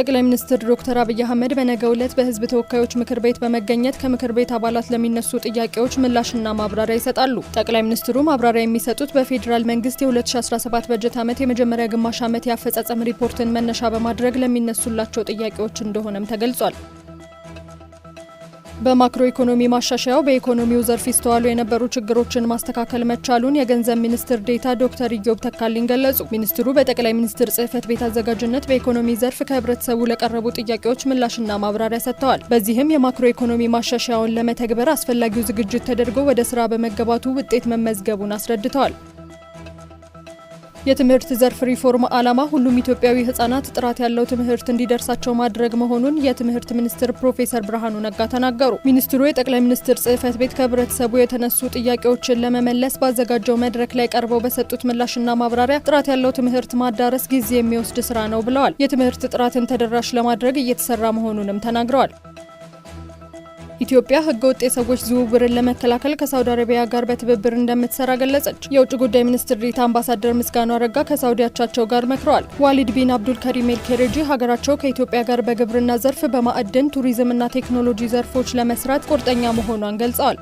ጠቅላይ ሚኒስትር ዶክተር አብይ አህመድ በነገው ዕለት በህዝብ ተወካዮች ምክር ቤት በመገኘት ከምክር ቤት አባላት ለሚነሱ ጥያቄዎች ምላሽና ማብራሪያ ይሰጣሉ። ጠቅላይ ሚኒስትሩ ማብራሪያ የሚሰጡት በፌዴራል መንግስት የ2017 በጀት ዓመት የመጀመሪያ ግማሽ ዓመት የአፈጻጸም ሪፖርትን መነሻ በማድረግ ለሚነሱላቸው ጥያቄዎች እንደሆነም ተገልጿል። በማክሮ ኢኮኖሚ ማሻሻያው በኢኮኖሚው ዘርፍ ይስተዋሉ የነበሩ ችግሮችን ማስተካከል መቻሉን የገንዘብ ሚኒስትር ዴታ ዶክተር ኢዮብ ተካልኝ ገለጹ። ሚኒስትሩ በጠቅላይ ሚኒስትር ጽህፈት ቤት አዘጋጅነት በኢኮኖሚ ዘርፍ ከህብረተሰቡ ለቀረቡ ጥያቄዎች ምላሽና ማብራሪያ ሰጥተዋል። በዚህም የማክሮ ኢኮኖሚ ማሻሻያውን ለመተግበር አስፈላጊው ዝግጅት ተደርጎ ወደ ስራ በመገባቱ ውጤት መመዝገቡን አስረድተዋል። የትምህርት ዘርፍ ሪፎርም ዓላማ ሁሉም ኢትዮጵያዊ ህጻናት ጥራት ያለው ትምህርት እንዲደርሳቸው ማድረግ መሆኑን የትምህርት ሚኒስትር ፕሮፌሰር ብርሃኑ ነጋ ተናገሩ። ሚኒስትሩ የጠቅላይ ሚኒስትር ጽህፈት ቤት ከህብረተሰቡ የተነሱ ጥያቄዎችን ለመመለስ ባዘጋጀው መድረክ ላይ ቀርበው በሰጡት ምላሽና ማብራሪያ ጥራት ያለው ትምህርት ማዳረስ ጊዜ የሚወስድ ስራ ነው ብለዋል። የትምህርት ጥራትን ተደራሽ ለማድረግ እየተሰራ መሆኑንም ተናግረዋል። ኢትዮጵያ ህገወጥ የሰዎች ዝውውርን ለመከላከል ከሳውዲ አረቢያ ጋር በትብብር እንደምትሰራ ገለጸች። የውጭ ጉዳይ ሚኒስትር ዴኤታ አምባሳደር ምስጋኑ አረጋ ከሳውዲ አቻቸው ጋር መክረዋል። ዋሊድ ቢን አብዱል ከሪም ኤል ኬሬጂ ሀገራቸው ከኢትዮጵያ ጋር በግብርና ዘርፍ፣ በማዕድን ቱሪዝምና ቴክኖሎጂ ዘርፎች ለመስራት ቁርጠኛ መሆኗን ገልጸዋል።